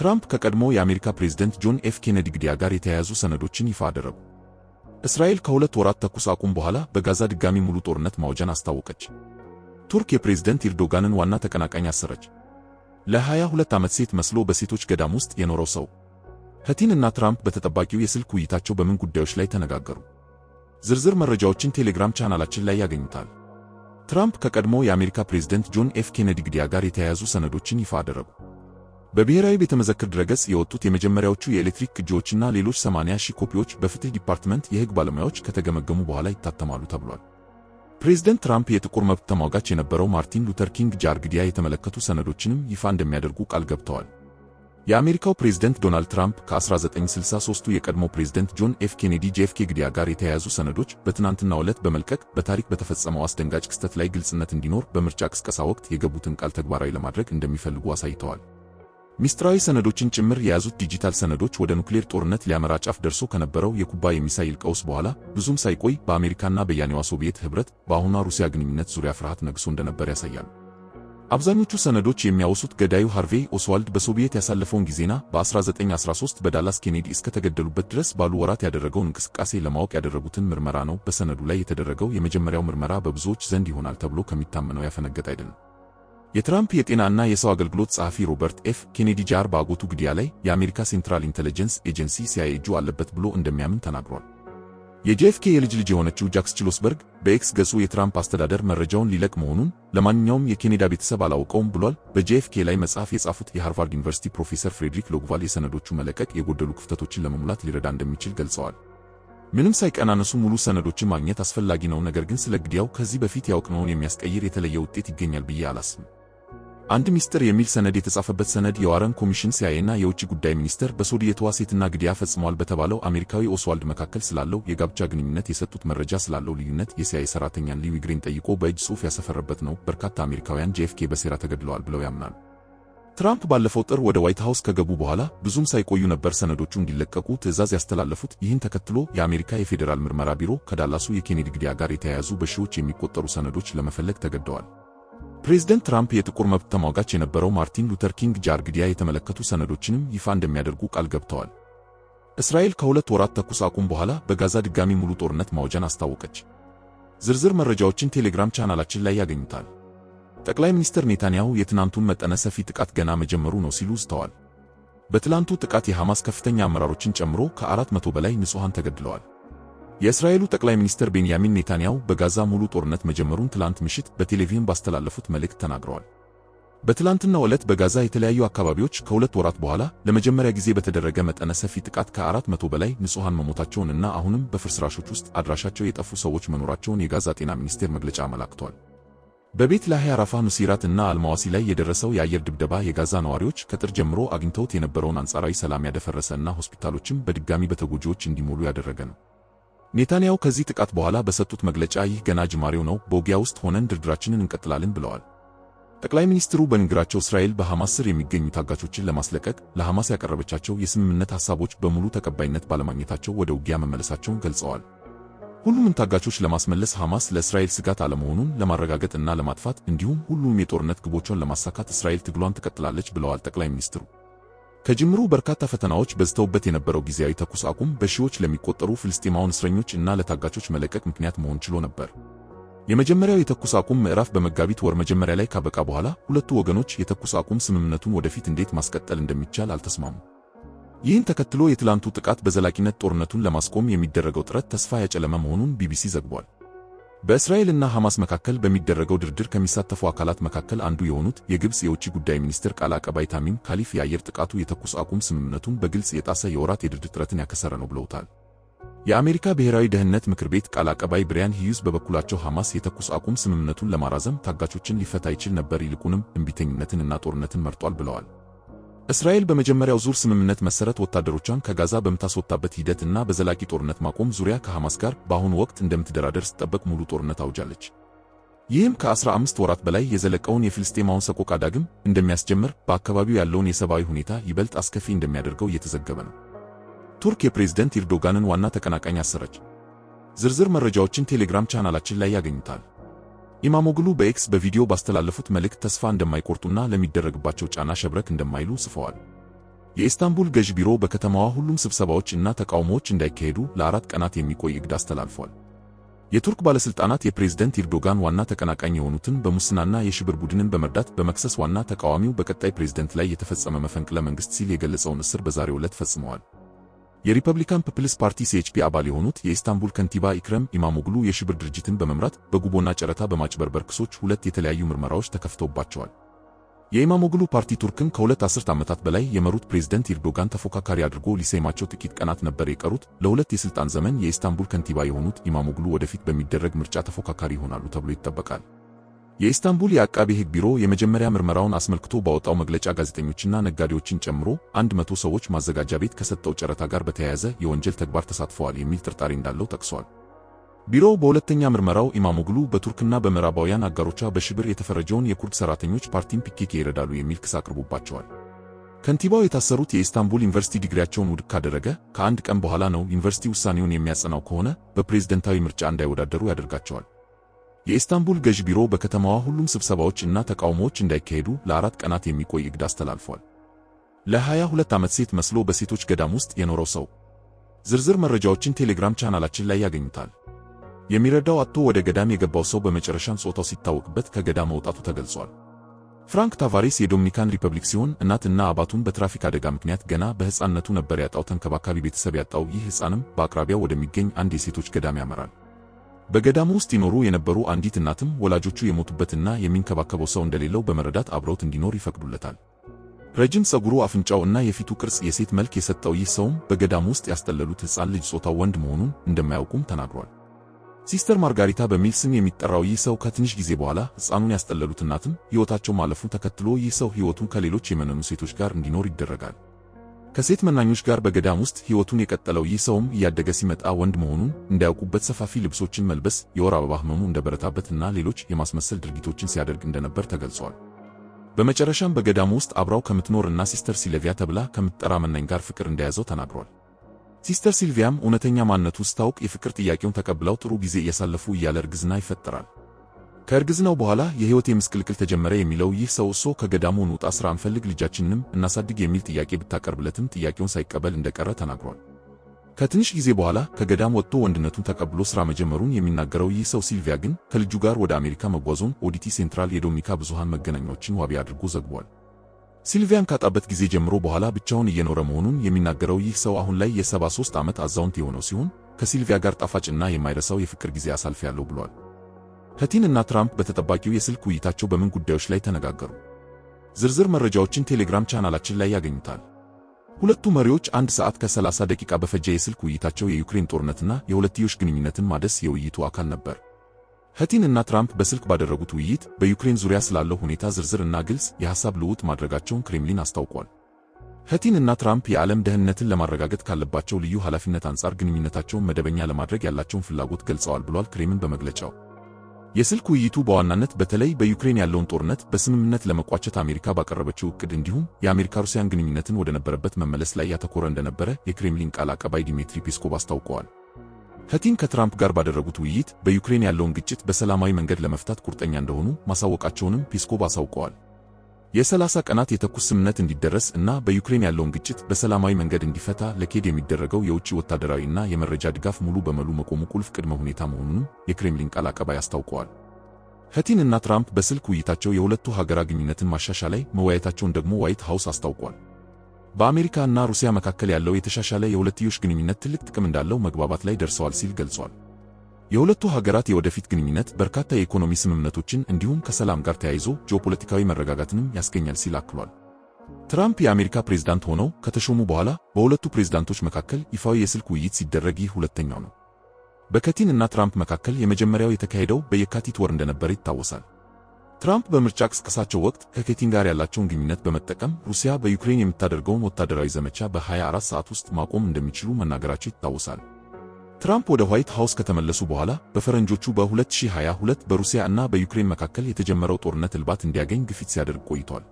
ትራምፕ ከቀድሞ የአሜሪካ ፕሬዝደንት ጆን ኤፍ ኬነዲ ግድያ ጋር የተያያዙ ሰነዶችን ይፋ አደረጉ። እስራኤል ከሁለት ወራት ተኩስ አቁም በኋላ በጋዛ ድጋሚ ሙሉ ጦርነት ማውጃን አስታወቀች። ቱርክ የፕሬዝደንት ኤርዶጋንን ዋና ተቀናቃኝ አሰረች። ለ22 ዓመት ሴት መስሎ በሴቶች ገዳም ውስጥ የኖረው ሰው ፑቲን እና ትራምፕ በተጠባቂው የስልክ ውይይታቸው በምን ጉዳዮች ላይ ተነጋገሩ? ዝርዝር መረጃዎችን ቴሌግራም ቻናላችን ላይ ያገኙታል። ትራምፕ ከቀድሞ የአሜሪካ ፕሬዝደንት ጆን ኤፍ ኬነዲ ግድያ ጋር የተያያዙ ሰነዶችን ይፋ አደረጉ። በብሔራዊ ቤተ መዘክር ድረገጽ የወጡት የመጀመሪያዎቹ የኤሌክትሪክ ቅጂዎችና ሌሎች 80 ሺህ ኮፒዎች በፍትህ ዲፓርትመንት የህግ ባለሙያዎች ከተገመገሙ በኋላ ይታተማሉ ተብሏል። ፕሬዚደንት ትራምፕ የጥቁር መብት ተሟጋች የነበረው ማርቲን ሉተር ኪንግ ጃር ግድያ የተመለከቱ ሰነዶችንም ይፋ እንደሚያደርጉ ቃል ገብተዋል። የአሜሪካው ፕሬዝደንት ዶናልድ ትራምፕ ከ1963ቱ የቀድሞ ፕሬዝደንት ጆን ኤፍ ኬኔዲ ጄኤፍኬ ግድያ ጋር የተያያዙ ሰነዶች በትናንትናው ዕለት በመልቀቅ በታሪክ በተፈጸመው አስደንጋጭ ክስተት ላይ ግልጽነት እንዲኖር በምርጫ ቅስቀሳ ወቅት የገቡትን ቃል ተግባራዊ ለማድረግ እንደሚፈልጉ አሳይተዋል። ሚስጥራዊ ሰነዶችን ጭምር የያዙት ዲጂታል ሰነዶች ወደ ኑክሌር ጦርነት ሊያመራ ጫፍ ደርሶ ከነበረው የኩባ የሚሳይል ቀውስ በኋላ ብዙም ሳይቆይ በአሜሪካና በያኔዋ ሶቪየት ህብረት በአሁኗ ሩሲያ ግንኙነት ዙሪያ ፍርሃት ነግሶ እንደነበር ያሳያል። አብዛኞቹ ሰነዶች የሚያወሱት ገዳዩ ሃርቬይ ኦስዋልድ በሶቪየት ያሳለፈውን ጊዜና በ1913 በዳላስ ኬኔዲ እስከተገደሉበት ድረስ ባሉ ወራት ያደረገውን እንቅስቃሴ ለማወቅ ያደረጉትን ምርመራ ነው። በሰነዱ ላይ የተደረገው የመጀመሪያው ምርመራ በብዙዎች ዘንድ ይሆናል ተብሎ ከሚታመነው ያፈነገጠ አይደለም። የትራምፕ የጤናና የሰው አገልግሎት ጸሐፊ ሮበርት ኤፍ ኬኔዲ ጃር ባጎቱ ግድያ ላይ የአሜሪካ ሴንትራል ኢንተለጀንስ ኤጀንሲ ሲአይኤ እጁ አለበት ብሎ እንደሚያምን ተናግሯል። የጄፍኬ የልጅ ልጅ የሆነችው ጃክስ ችሎስበርግ በኤክስ ገጹ የትራምፕ አስተዳደር መረጃውን ሊለቅ መሆኑን ለማንኛውም የኬኔዳ ቤተሰብ አላውቀውም ብሏል። በጄፍኬ ላይ መጽሐፍ የጻፉት የሃርቫርድ ዩኒቨርሲቲ ፕሮፌሰር ፍሬድሪክ ሎግቫል የሰነዶቹ መለቀቅ የጎደሉ ክፍተቶችን ለመሙላት ሊረዳ እንደሚችል ገልጸዋል። ምንም ሳይቀናነሱ ሙሉ ሰነዶችን ማግኘት አስፈላጊ ነው፣ ነገር ግን ስለ ግድያው ከዚህ በፊት ያውቅነውን የሚያስቀይር የተለየ ውጤት ይገኛል ብዬ አላስብም። አንድ ሚስጥር የሚል ሰነድ የተጻፈበት ሰነድ የዋረን ኮሚሽን ሲያይና የውጭ ጉዳይ ሚኒስቴር በሶዲ የተዋሴትና ግድያ ፈጽመዋል በተባለው አሜሪካዊ ኦስዋልድ መካከል ስላለው የጋብቻ ግንኙነት የሰጡት መረጃ ስላለው ልዩነት የሲአይኤ ሰራተኛን ሊዊ ግሪን ጠይቆ በእጅ ጽሑፍ ያሰፈረበት ነው። በርካታ አሜሪካውያን ጄፍኬ በሴራ ተገድለዋል ብለው ያምናሉ። ትራምፕ ባለፈው ጥር ወደ ዋይት ሃውስ ከገቡ በኋላ ብዙም ሳይቆዩ ነበር ሰነዶቹ እንዲለቀቁ ትዕዛዝ ያስተላለፉት። ይህን ተከትሎ የአሜሪካ የፌዴራል ምርመራ ቢሮ ከዳላሱ የኬኔዲ ግድያ ጋር የተያያዙ በሺዎች የሚቆጠሩ ሰነዶች ለመፈለግ ተገደዋል። ፕሬዝደንት ትራምፕ የጥቁር መብት ተሟጋች የነበረው ማርቲን ሉተር ኪንግ ጃርግዲያ የተመለከቱ ሰነዶችንም ይፋ እንደሚያደርጉ ቃል ገብተዋል። እስራኤል ከሁለት ወራት ተኩስ አቁም በኋላ በጋዛ ድጋሚ ሙሉ ጦርነት ማውጃን አስታወቀች። ዝርዝር መረጃዎችን ቴሌግራም ቻናላችን ላይ ያገኙታል። ጠቅላይ ሚኒስትር ኔታንያሁ የትናንቱን መጠነ ሰፊ ጥቃት ገና መጀመሩ ነው ሲሉ ዝተዋል። በትላንቱ ጥቃት የሐማስ ከፍተኛ አመራሮችን ጨምሮ ከአራት መቶ በላይ ንጹሐን ተገድለዋል። የእስራኤሉ ጠቅላይ ሚኒስትር ቤንያሚን ኔታንያሁ በጋዛ ሙሉ ጦርነት መጀመሩን ትላንት ምሽት በቴሌቪዥን ባስተላለፉት መልእክት ተናግረዋል። በትላንትናው ዕለት በጋዛ የተለያዩ አካባቢዎች ከሁለት ወራት በኋላ ለመጀመሪያ ጊዜ በተደረገ መጠነ ሰፊ ጥቃት ከአራት መቶ በላይ ንጹሐን መሞታቸውንና አሁንም በፍርስራሾች ውስጥ አድራሻቸው የጠፉ ሰዎች መኖራቸውን የጋዛ ጤና ሚኒስቴር መግለጫ አመላክቷል። በቤት ላሂያ፣ ራፋ፣ ኑሲራት እና አልማዋሲ ላይ የደረሰው የአየር ድብደባ የጋዛ ነዋሪዎች ከጥር ጀምሮ አግኝተውት የነበረውን አንጻራዊ ሰላም ያደፈረሰ እና ሆስፒታሎችም በድጋሚ በተጎጂዎች እንዲሞሉ ያደረገ ነው። ኔታንያው ከዚህ ጥቃት በኋላ በሰጡት መግለጫ ይህ ገና ጅማሬው ነው፣ በውጊያ ውስጥ ሆነን ድርድራችንን እንቀጥላለን ብለዋል። ጠቅላይ ሚኒስትሩ በንግግራቸው እስራኤል በሐማስ ስር የሚገኙ ታጋቾችን ለማስለቀቅ ለሐማስ ያቀረበቻቸው የስምምነት ሐሳቦች በሙሉ ተቀባይነት ባለማግኘታቸው ወደ ውጊያ መመለሳቸውን ገልጸዋል። ሁሉንም ታጋቾች ለማስመለስ ሐማስ ለእስራኤል ስጋት አለመሆኑን ለማረጋገጥ እና ለማጥፋት እንዲሁም ሁሉም የጦርነት ግቦቿን ለማሳካት እስራኤል ትግሏን ትቀጥላለች ብለዋል ጠቅላይ ሚኒስትሩ። ከጅምሩ በርካታ ፈተናዎች በዝተውበት የነበረው ጊዜያዊ ተኩስ አቁም በሺዎች ለሚቆጠሩ ፍልስጤማውያን እስረኞች እና ለታጋቾች መለቀቅ ምክንያት መሆን ችሎ ነበር። የመጀመሪያው የተኩስ አቁም ምዕራፍ በመጋቢት ወር መጀመሪያ ላይ ካበቃ በኋላ ሁለቱ ወገኖች የተኩስ አቁም ስምምነቱን ወደፊት እንዴት ማስቀጠል እንደሚቻል አልተስማሙም። ይህን ተከትሎ የትላንቱ ጥቃት በዘላቂነት ጦርነቱን ለማስቆም የሚደረገው ጥረት ተስፋ ያጨለመ መሆኑን ቢቢሲ ዘግቧል። በእስራኤልና ሐማስ መካከል በሚደረገው ድርድር ከሚሳተፉ አካላት መካከል አንዱ የሆኑት የግብፅ የውጭ ጉዳይ ሚኒስትር ቃል አቀባይ ታሚም ካሊፍ የአየር ጥቃቱ የተኩስ አቁም ስምምነቱን በግልጽ የጣሰ የወራት የድርድር ጥረትን ያከሰረ ነው ብለውታል። የአሜሪካ ብሔራዊ ደህንነት ምክር ቤት ቃል አቀባይ ብሪያን ሂዩስ በበኩላቸው ሐማስ የተኩስ አቁም ስምምነቱን ለማራዘም ታጋቾችን ሊፈታ ይችል ነበር፣ ይልቁንም እና ጦርነትን መርጧል ብለዋል። እስራኤል በመጀመሪያው ዙር ስምምነት መሰረት ወታደሮቿን ከጋዛ በምታስወጣበት ሂደት እና በዘላቂ ጦርነት ማቆም ዙሪያ ከሐማስ ጋር በአሁኑ ወቅት እንደምትደራደር ስትጠበቅ ሙሉ ጦርነት አውጃለች። ይህም ከ15 ወራት በላይ የዘለቀውን የፍልስጤማውን ሰቆቃ ዳግም እንደሚያስጀምር፣ በአካባቢው ያለውን የሰብአዊ ሁኔታ ይበልጥ አስከፊ እንደሚያደርገው እየተዘገበ ነው። ቱርክ የፕሬዝደንት ኤርዶጋንን ዋና ተቀናቃኝ አሰረች። ዝርዝር መረጃዎችን ቴሌግራም ቻናላችን ላይ ያገኙታል። ኢማሞግሉ በኤክስ በቪዲዮ ባስተላለፉት መልእክት ተስፋ እንደማይቆርጡና ለሚደረግባቸው ጫና ሸብረክ እንደማይሉ ጽፈዋል። የኢስታንቡል ገዥ ቢሮ በከተማዋ ሁሉም ስብሰባዎች እና ተቃውሞዎች እንዳይካሄዱ ለአራት ቀናት የሚቆይ እግድ አስተላልፏል። የቱርክ ባለስልጣናት የፕሬዝደንት ኤርዶጋን ዋና ተቀናቃኝ የሆኑትን በሙስናና የሽብር ቡድንን በመርዳት በመክሰስ ዋና ተቃዋሚው በቀጣይ ፕሬዝደንት ላይ የተፈጸመ መፈንቅለ መንግስት ሲል የገለጸውን እስር በዛሬው ዕለት ፈጽመዋል። የሪፐብሊካን ፒፕልስ ፓርቲ ሲኤችፒ አባል የሆኑት የኢስታንቡል ከንቲባ ኢክረም ኢማሞግሉ የሽብር ድርጅትን በመምራት በጉቦና ጨረታ በማጭበርበር ክሶች ሁለት የተለያዩ ምርመራዎች ተከፍተውባቸዋል። የኢማሞግሉ ፓርቲ ቱርክን ከሁለት አስርት ዓመታት በላይ የመሩት ፕሬዝደንት ኤርዶጋን ተፎካካሪ አድርጎ ሊሰይማቸው ጥቂት ቀናት ነበር የቀሩት። ለሁለት የሥልጣን ዘመን የኢስታንቡል ከንቲባ የሆኑት ኢማሞግሉ ወደፊት በሚደረግ ምርጫ ተፎካካሪ ይሆናሉ ተብሎ ይጠበቃል። የኢስታንቡል የአቃቤ ሕግ ቢሮ የመጀመሪያ ምርመራውን አስመልክቶ ባወጣው መግለጫ ጋዜጠኞችና ነጋዴዎችን ጨምሮ 100 ሰዎች ማዘጋጃ ቤት ከሰጠው ጨረታ ጋር በተያያዘ የወንጀል ተግባር ተሳትፈዋል የሚል ጥርጣሬ እንዳለው ጠቅሷል። ቢሮው በሁለተኛ ምርመራው ኢማሞግሉ በቱርክና በምዕራባውያን አጋሮቿ በሽብር የተፈረጀውን የኩርድ ሰራተኞች ፓርቲን ፒኬክ ይረዳሉ የሚል ክስ አቅርቦባቸዋል። ከንቲባው የታሰሩት የኢስታንቡል ዩኒቨርሲቲ ዲግሪያቸውን ውድቅ ካደረገ ከአንድ ቀን በኋላ ነው። ዩኒቨርሲቲ ውሳኔውን የሚያጸናው ከሆነ በፕሬዝደንታዊ ምርጫ እንዳይወዳደሩ ያደርጋቸዋል። የኢስታንቡል ገዥ ቢሮ በከተማዋ ሁሉም ስብሰባዎች እና ተቃውሞዎች እንዳይካሄዱ ለአራት ቀናት የሚቆይ እግድ አስተላልፏል። ለ ለ22 ዓመት ሴት መስሎ በሴቶች ገዳም ውስጥ የኖረው ሰው ዝርዝር መረጃዎችን ቴሌግራም ቻናላችን ላይ ያገኙታል። የሚረዳው አጥቶ ወደ ገዳም የገባው ሰው በመጨረሻም ጾታው ሲታወቅበት ከገዳም መውጣቱ ተገልጿል። ፍራንክ ታቫሬስ የዶሚኒካን ሪፐብሊክ ሲሆን እናትና አባቱን በትራፊክ አደጋ ምክንያት ገና በሕፃንነቱ ነበር ያጣው። ተንከባካቢ ቤተሰብ ያጣው ይህ ሕፃንም በአቅራቢያው ወደሚገኝ አንድ የሴቶች ገዳም ያመራል። በገዳሙ ውስጥ ይኖሩ የነበሩ አንዲት እናትም ወላጆቹ የሞቱበትና የሚንከባከበው ሰው እንደሌለው በመረዳት አብረውት እንዲኖር ይፈቅዱለታል። ረጅም ፀጉሩ፣ አፍንጫው እና የፊቱ ቅርጽ የሴት መልክ የሰጠው ይህ ሰውም በገዳሙ ውስጥ ያስጠለሉት ሕፃን ልጅ ጾታው ወንድ መሆኑን እንደማያውቁም ተናግሯል። ሲስተር ማርጋሪታ በሚል ስም የሚጠራው ይህ ሰው ከትንሽ ጊዜ በኋላ ሕፃኑን ያስጠለሉት እናትም ሕይወታቸው ማለፉ ተከትሎ ይህ ሰው ሕይወቱን ከሌሎች የመነኑ ሴቶች ጋር እንዲኖር ይደረጋል። ከሴት መናኞች ጋር በገዳም ውስጥ ሕይወቱን የቀጠለው ይህ ሰውም እያደገ ሲመጣ ወንድ መሆኑን እንዳያውቁበት ሰፋፊ ልብሶችን መልበስ፣ የወር አበባ ህመሙ እንደበረታበትና ሌሎች የማስመሰል ድርጊቶችን ሲያደርግ እንደነበር ተገልጿል። በመጨረሻም በገዳሙ ውስጥ አብራው እና ሲስተር ሲልቪያ ተብላ ከምትጠራ መናኝ ጋር ፍቅር እንደያዘው ተናግሯል። ሲስተር ሲልቪያም እውነተኛ ማንነቱ ስታውቅ የፍቅር ጥያቄውን ተቀብለው ጥሩ ጊዜ እያሳለፉ እያለ እርግዝና ይፈጠራል። ከእርግዝናው በኋላ የህይወቴ ምስቅልቅል ተጀመረ የሚለው ይህ ሰው እሶ ከገዳሙ ወጣ ስራ እንፈልግ፣ ልጃችንንም እናሳድግ የሚል ጥያቄ ብታቀርብለትም ጥያቄውን ሳይቀበል እንደቀረ ተናግሯል። ከትንሽ ጊዜ በኋላ ከገዳም ወጥቶ ወንድነቱን ተቀብሎ ስራ መጀመሩን የሚናገረው ይህ ሰው ሲልቪያ ግን ከልጁ ጋር ወደ አሜሪካ መጓዙን ኦዲቲ ሴንትራል የዶሚኒካ ብዙሃን መገናኛዎችን ዋቢ አድርጎ ዘግቧል። ሲልቪያን ካጣበት ጊዜ ጀምሮ በኋላ ብቻውን እየኖረ መሆኑን የሚናገረው ይህ ሰው አሁን ላይ የ73 ዓመት አዛውንት የሆነው ሲሆን ከሲልቪያ ጋር ጣፋጭና የማይረሳው የፍቅር ጊዜ ያለው ብሏል። ፑቲን እና ትራምፕ በተጠባቂው የስልክ ውይይታቸው በምን ጉዳዮች ላይ ተነጋገሩ? ዝርዝር መረጃዎችን ቴሌግራም ቻናላችን ላይ ያገኙታል። ሁለቱ መሪዎች አንድ ሰዓት ከ30 ደቂቃ በፈጀ የስልክ ውይይታቸው የዩክሬን ጦርነትና የሁለትዮሽ ግንኙነትን ማደስ የውይይቱ አካል ነበር። ፑቲን እና ትራምፕ በስልክ ባደረጉት ውይይት በዩክሬን ዙሪያ ስላለው ሁኔታ ዝርዝር እና ግልጽ የሐሳብ ልውውጥ ማድረጋቸውን ክሬምሊን አስታውቋል። ፑቲን እና ትራምፕ የዓለም ደህንነትን ለማረጋገጥ ካለባቸው ልዩ ኃላፊነት አንጻር ግንኙነታቸውን መደበኛ ለማድረግ ያላቸውን ፍላጎት ገልጸዋል ብሏል ክሬምን በመግለጫው የስልክ ውይይቱ በዋናነት በተለይ በዩክሬን ያለውን ጦርነት በስምምነት ለመቋጨት አሜሪካ ባቀረበችው እቅድ እንዲሁም የአሜሪካ ሩሲያን ግንኙነትን ወደ ነበረበት መመለስ ላይ ያተኮረ እንደነበረ የክሬምሊን ቃል አቀባይ ዲሚትሪ ፔስኮቭ አስታውቀዋል። ከቲም ከትራምፕ ጋር ባደረጉት ውይይት በዩክሬን ያለውን ግጭት በሰላማዊ መንገድ ለመፍታት ቁርጠኛ እንደሆኑ ማሳወቃቸውንም ፔስኮቭ አሳውቀዋል። የሰላሳ ቀናት የተኩስ ስምምነት እንዲደረስ እና በዩክሬን ያለውን ግጭት በሰላማዊ መንገድ እንዲፈታ ለኬድ የሚደረገው የውጭ ወታደራዊ እና የመረጃ ድጋፍ ሙሉ በሙሉ መቆሙ ቁልፍ ቅድመ ሁኔታ መሆኑንም የክሬምሊን ቃል አቀባይ አስታውቀዋል። ፑቲን እና ትራምፕ በስልክ ውይይታቸው የሁለቱ ሀገራ ግንኙነትን ማሻሻል ላይ መወያየታቸውን ደግሞ ዋይት ሃውስ አስታውቋል። በአሜሪካ እና ሩሲያ መካከል ያለው የተሻሻለ የሁለትዮሽ ግንኙነት ትልቅ ጥቅም እንዳለው መግባባት ላይ ደርሰዋል ሲል ገልጿል። የሁለቱ ሀገራት የወደፊት ግንኙነት በርካታ የኢኮኖሚ ስምምነቶችን እንዲሁም ከሰላም ጋር ተያይዞ ጂኦፖለቲካዊ መረጋጋትንም ያስገኛል ሲል አክሏል። ትራምፕ የአሜሪካ ፕሬዝዳንት ሆነው ከተሾሙ በኋላ በሁለቱ ፕሬዝዳንቶች መካከል ይፋዊ የስልክ ውይይት ሲደረግ ይህ ሁለተኛው ነው። በከቲን እና ትራምፕ መካከል የመጀመሪያው የተካሄደው በየካቲት ወር እንደነበረ ይታወሳል። ትራምፕ በምርጫ ቅስቀሳቸው ወቅት ከኬቲን ጋር ያላቸውን ግንኙነት በመጠቀም ሩሲያ በዩክሬን የምታደርገውን ወታደራዊ ዘመቻ በ24 ሰዓት ውስጥ ማቆም እንደሚችሉ መናገራቸው ይታወሳል። ትራምፕ ወደ ዋይት ሃውስ ከተመለሱ በኋላ በፈረንጆቹ በ2022 በሩሲያ እና በዩክሬን መካከል የተጀመረው ጦርነት እልባት እንዲያገኝ ግፊት ሲያደርግ ቆይቷል።